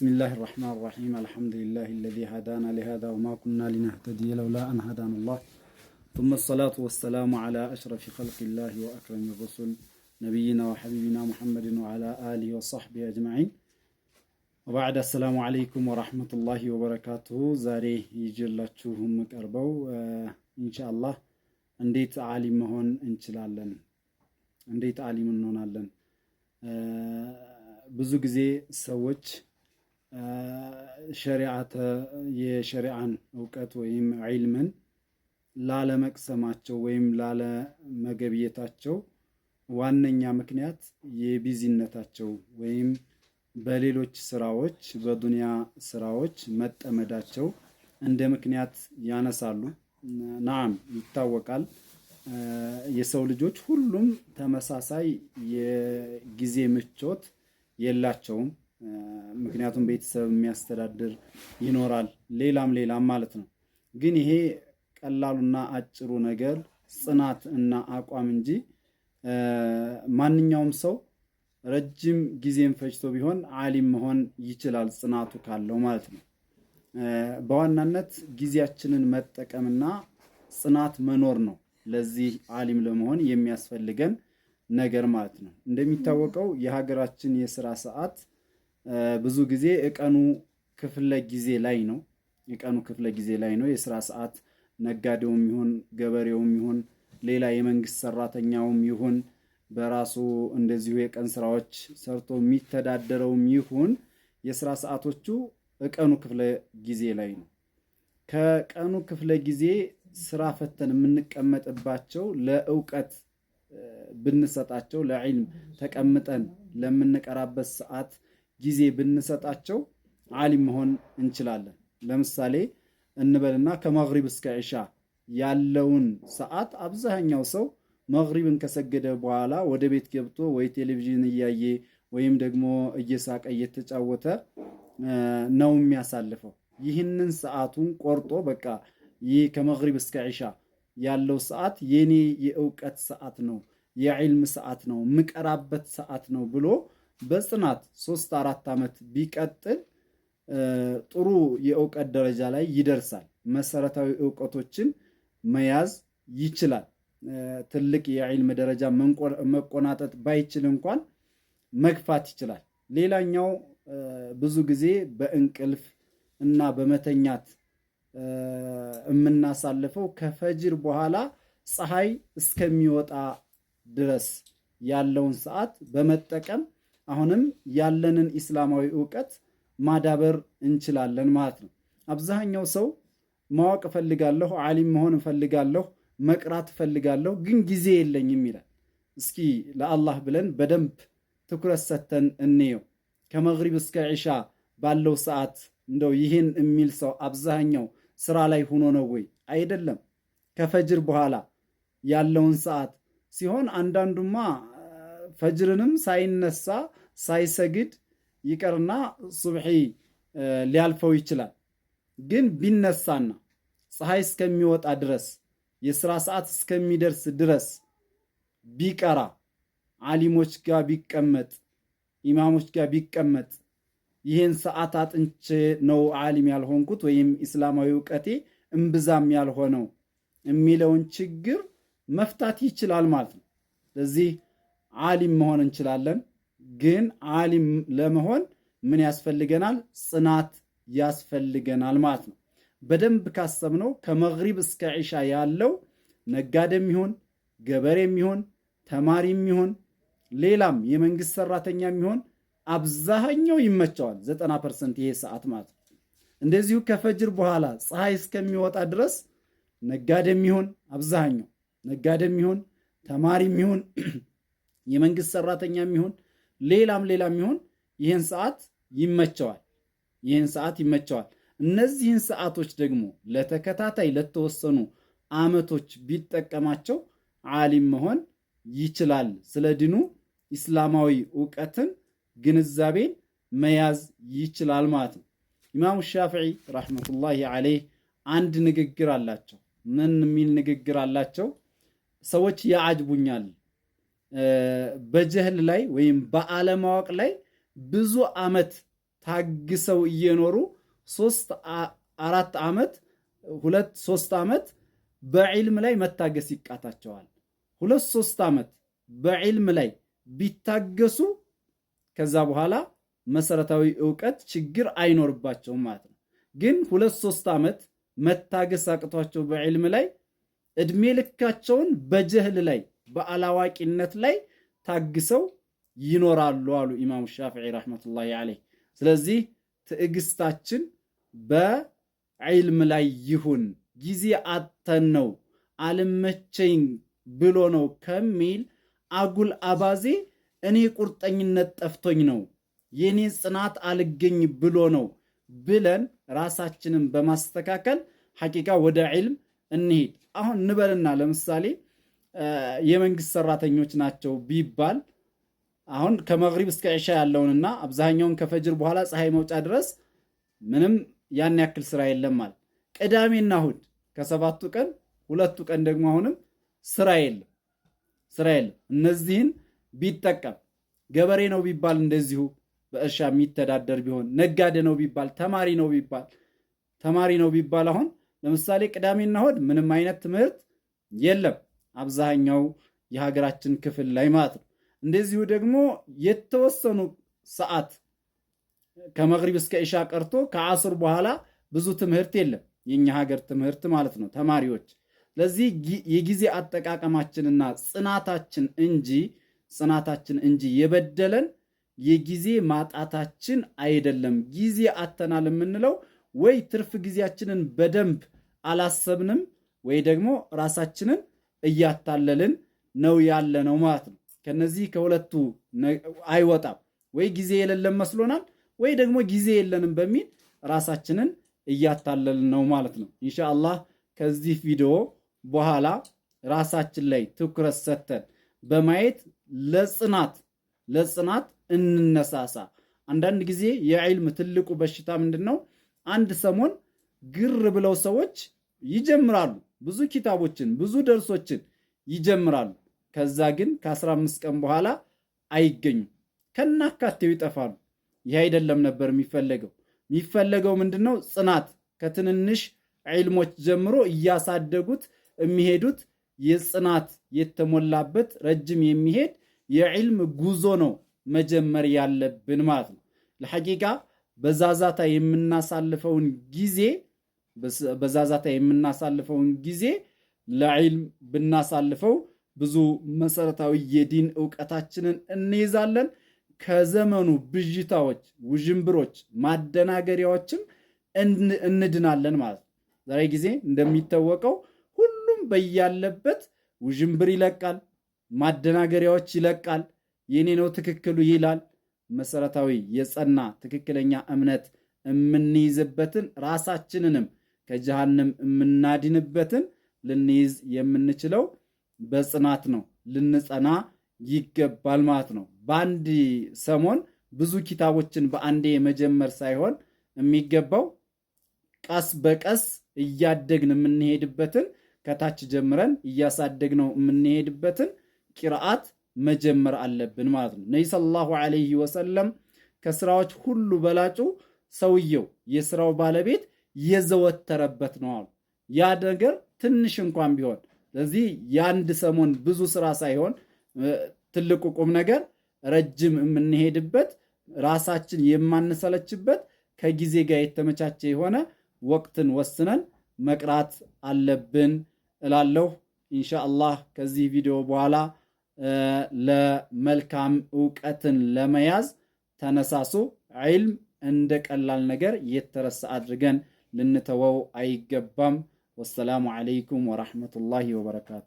بسم الله الرحمن الرحيم الحمد لله الذي هدانا لهذا وما كنا لنهتدي لولا أن هدانا الله ثم الصلاة والسلام على أشرف خلق الله وأكرم الرسل نبينا وحبيبنا محمد وعلى آله وصحبه أجمعين وبعد السلام عليكم ورحمة الله وبركاته زاري يجل تشوهم مكربو إن شاء الله انديت عالم إن انشلالن انديت عالم نونالن ብዙ بزوجي ሰዎች ሸሪዓተ የሸሪዓን እውቀት ወይም ዒልምን ላለመቅሰማቸው ወይም ላለመገብየታቸው ዋነኛ ምክንያት የቢዚነታቸው ወይም በሌሎች ስራዎች በዱንያ ስራዎች መጠመዳቸው እንደ ምክንያት ያነሳሉ። ናም ይታወቃል። የሰው ልጆች ሁሉም ተመሳሳይ የጊዜ ምቾት የላቸውም። ምክንያቱም ቤተሰብ የሚያስተዳድር ይኖራል፣ ሌላም ሌላም ማለት ነው። ግን ይሄ ቀላሉና አጭሩ ነገር ጽናት እና አቋም እንጂ ማንኛውም ሰው ረጅም ጊዜም ፈጅቶ ቢሆን አሊም መሆን ይችላል፣ ጽናቱ ካለው ማለት ነው። በዋናነት ጊዜያችንን መጠቀምና ጽናት መኖር ነው ለዚህ አሊም ለመሆን የሚያስፈልገን ነገር ማለት ነው። እንደሚታወቀው የሀገራችን የስራ ሰዓት ብዙ ጊዜ እቀኑ ክፍለ ጊዜ ላይ ነው የቀኑ ክፍለ ጊዜ ላይ ነው የስራ ሰዓት ነጋዴውም ይሁን ገበሬውም ይሁን ሌላ የመንግስት ሰራተኛውም ይሁን በራሱ እንደዚሁ የቀን ስራዎች ሰርቶ የሚተዳደረውም ይሁን የስራ ሰዓቶቹ እቀኑ ክፍለ ጊዜ ላይ ነው። ከቀኑ ክፍለ ጊዜ ስራ ፈተን የምንቀመጥባቸው ለእውቀት ብንሰጣቸው ለዒልም ተቀምጠን ለምንቀራበት ሰዓት ጊዜ ብንሰጣቸው ዓሊም መሆን እንችላለን። ለምሳሌ እንበልና ከመግሪብ እስከ ዒሻ ያለውን ሰዓት አብዛኛው ሰው መግሪብን ከሰገደ በኋላ ወደ ቤት ገብቶ ወይ ቴሌቪዥን እያየ ወይም ደግሞ እየሳቀ እየተጫወተ ነው የሚያሳልፈው። ይህንን ሰዓቱን ቆርጦ በቃ ይህ ከመግሪብ እስከ ዒሻ ያለው ሰዓት የኔ የእውቀት ሰዓት ነው፣ የዕልም ሰዓት ነው፣ የምቀራበት ሰዓት ነው ብሎ በጽናት ሶስት አራት ዓመት ቢቀጥል ጥሩ የእውቀት ደረጃ ላይ ይደርሳል። መሰረታዊ እውቀቶችን መያዝ ይችላል። ትልቅ የዒልም ደረጃ መቆናጠጥ ባይችል እንኳን መግፋት ይችላል። ሌላኛው ብዙ ጊዜ በእንቅልፍ እና በመተኛት የምናሳልፈው ከፈጅር በኋላ ፀሐይ እስከሚወጣ ድረስ ያለውን ሰዓት በመጠቀም አሁንም ያለንን ኢስላማዊ እውቀት ማዳበር እንችላለን ማለት ነው። አብዛኛው ሰው ማወቅ እፈልጋለሁ፣ ዓሊም መሆን እፈልጋለሁ፣ መቅራት እፈልጋለሁ፣ ግን ጊዜ የለኝም ይላል። እስኪ ለአላህ ብለን በደንብ ትኩረት ሰተን እንየው። ከመግሪብ እስከ ዒሻ ባለው ሰዓት እንደው ይህን የሚል ሰው አብዛኛው ስራ ላይ ሆኖ ነው ወይ? አይደለም። ከፈጅር በኋላ ያለውን ሰዓት ሲሆን አንዳንዱማ ፈጅርንም ሳይነሳ ሳይሰግድ ይቀርና ሱብሒ ሊያልፈው ይችላል። ግን ቢነሳና ፀሐይ እስከሚወጣ ድረስ የስራ ሰዓት እስከሚደርስ ድረስ ቢቀራ ዓሊሞች ጋር ቢቀመጥ ኢማሞች ጋር ቢቀመጥ ይህን ሰዓት አጥንቼ ነው ዓሊም ያልሆንኩት ወይም ኢስላማዊ እውቀቴ እምብዛም ያልሆነው የሚለውን ችግር መፍታት ይችላል ማለት ነው። ስለዚህ ዓሊም መሆን እንችላለን። ግን ዓሊም ለመሆን ምን ያስፈልገናል? ጽናት ያስፈልገናል ማለት ነው። በደንብ ካሰብነው ከመግሪብ እስከ ዒሻ ያለው ነጋዴም ይሁን ገበሬም ይሁን ተማሪም ይሁን ሌላም የመንግስት ሰራተኛም ይሁን አብዛኛው ይመቸዋል፣ 90 ፐርሰንት ይሄ ሰዓት ማለት ነው። እንደዚሁ ከፈጅር በኋላ ፀሐይ እስከሚወጣ ድረስ ነጋዴም ይሁን አብዛኛው ነጋዴም ይሁን ተማሪም ይሁን የመንግስት ሰራተኛም ይሁን ሌላም ሌላም ይሆን ይህን ሰዓት ይመቸዋል፣ ይህን ሰዓት ይመቸዋል። እነዚህን ሰዓቶች ደግሞ ለተከታታይ ለተወሰኑ ዓመቶች ቢጠቀማቸው ዓሊም መሆን ይችላል። ስለ ድኑ ኢስላማዊ እውቀትን ግንዛቤን መያዝ ይችላል ማለት ነው። ኢማሙ ሻፍዒ ረሕመቱላሂ ዓለይህ አንድ ንግግር አላቸው። ምን የሚል ንግግር አላቸው? ሰዎች ያዓጅቡኛል በጀህል ላይ ወይም በአለማወቅ ላይ ብዙ ዓመት ታግሰው እየኖሩ ሶስት አራት ዓመት ሁለት ሶስት ዓመት በዒልም ላይ መታገስ ይቃታቸዋል። ሁለት ሶስት ዓመት በዒልም ላይ ቢታገሱ ከዛ በኋላ መሰረታዊ እውቀት ችግር አይኖርባቸውም ማለት ነው። ግን ሁለት ሶስት ዓመት መታገስ አቅቷቸው በዒልም ላይ እድሜ ልካቸውን በጀህል ላይ በአላዋቂነት ላይ ታግሰው ይኖራሉ አሉ ኢማሙ ሻፍዒ ረሕመቱላሂ አለይ ስለዚህ ትዕግስታችን በዕልም ላይ ይሁን። ጊዜ አተን ነው አልመቸኝ ብሎ ነው ከሚል አጉል አባዜ እኔ ቁርጠኝነት ጠፍቶኝ ነው የእኔ ጽናት አልገኝ ብሎ ነው ብለን ራሳችንን በማስተካከል ሐቂቃ ወደ ዕልም እንሂድ። አሁን እንበልና ለምሳሌ የመንግስት ሰራተኞች ናቸው ቢባል አሁን ከመግሪብ እስከ ዒሻ ያለውንና አብዛኛውን ከፈጅር በኋላ ፀሐይ መውጫ ድረስ ምንም ያን ያክል ስራ የለም ማለት። ቅዳሜና እሁድ ከሰባቱ ቀን ሁለቱ ቀን ደግሞ አሁንም ስራ የለም ስራ የለም። እነዚህን ቢጠቀም ገበሬ ነው ቢባል እንደዚሁ በእርሻ የሚተዳደር ቢሆን ነጋዴ ነው ቢባል ተማሪ ነው ቢባል ተማሪ ነው ቢባል አሁን ለምሳሌ ቅዳሜና እሁድ ምንም አይነት ትምህርት የለም። አብዛኛው የሀገራችን ክፍል ላይ ማለት ነው። እንደዚሁ ደግሞ የተወሰኑ ሰዓት ከመግሪብ እስከ ኢሻ ቀርቶ ከአስር በኋላ ብዙ ትምህርት የለም የኛ ሀገር ትምህርት ማለት ነው ተማሪዎች። ስለዚህ የጊዜ አጠቃቀማችንና ጽናታችን እንጂ ጽናታችን እንጂ የበደለን የጊዜ ማጣታችን አይደለም። ጊዜ አተናል የምንለው ወይ ትርፍ ጊዜያችንን በደንብ አላሰብንም ወይ ደግሞ ራሳችንን እያታለልን ነው ያለ ነው ማለት ነው። ከነዚህ ከሁለቱ አይወጣም። ወይ ጊዜ የሌለን መስሎናል፣ ወይ ደግሞ ጊዜ የለንም በሚል ራሳችንን እያታለልን ነው ማለት ነው። ኢንሻአላህ ከዚህ ቪዲዮ በኋላ ራሳችን ላይ ትኩረት ሰጥተን በማየት ለጽናት ለጽናት እንነሳሳ። አንዳንድ ጊዜ የዕልም ትልቁ በሽታ ምንድን ነው? አንድ ሰሞን ግር ብለው ሰዎች ይጀምራሉ ብዙ ኪታቦችን ብዙ ደርሶችን ይጀምራሉ። ከዛ ግን ከ15 ቀን በኋላ አይገኙም፣ ከናካቴው ይጠፋሉ። ይህ አይደለም ነበር የሚፈለገው። የሚፈለገው ምንድነው? ጽናት ከትንንሽ ዕልሞች ጀምሮ እያሳደጉት የሚሄዱት የጽናት የተሞላበት ረጅም የሚሄድ የዕልም ጉዞ ነው መጀመር ያለብን ማለት ነው። ለሐቂቃ በዛዛታ የምናሳልፈውን ጊዜ በዛዛታ የምናሳልፈውን ጊዜ ለዒልም ብናሳልፈው ብዙ መሰረታዊ የዲን እውቀታችንን እንይዛለን። ከዘመኑ ብዥታዎች፣ ውዥንብሮች፣ ማደናገሪያዎችም እንድናለን ማለት ነው። ዛሬ ጊዜ እንደሚታወቀው ሁሉም በያለበት ውዥንብር ይለቃል፣ ማደናገሪያዎች ይለቃል። የኔ ነው ትክክሉ ይላል። መሰረታዊ የጸና ትክክለኛ እምነት የምንይዝበትን ራሳችንንም ከጀሃንም የምናድንበትን ልንይዝ የምንችለው በጽናት ነው። ልንጸና ይገባል ማለት ነው። በአንድ ሰሞን ብዙ ኪታቦችን በአንዴ የመጀመር ሳይሆን የሚገባው ቀስ በቀስ እያደግን የምንሄድበትን ከታች ጀምረን እያሳደግነው የምንሄድበትን ቂርአት መጀመር አለብን ማለት ነው። ነቢ ሰለላሁ ዐለይሂ ወሰለም ከስራዎች ሁሉ በላጩ ሰውየው የስራው ባለቤት የዘወተረበት ነው አሉ። ያ ነገር ትንሽ እንኳን ቢሆን ስለዚህ የአንድ ሰሞን ብዙ ስራ ሳይሆን ትልቁ ቁም ነገር ረጅም የምንሄድበት ራሳችን የማንሰለችበት ከጊዜ ጋር የተመቻቸ የሆነ ወቅትን ወስነን መቅራት አለብን እላለሁ። ኢንሻአላህ ከዚህ ቪዲዮ በኋላ ለመልካም እውቀትን ለመያዝ ተነሳሱ። ዒልም እንደ ቀላል ነገር የተረሳ አድርገን ልንተወው አይገባም። ወሰላሙ አለይኩም ወራህመቱላሂ ወበረካቱ።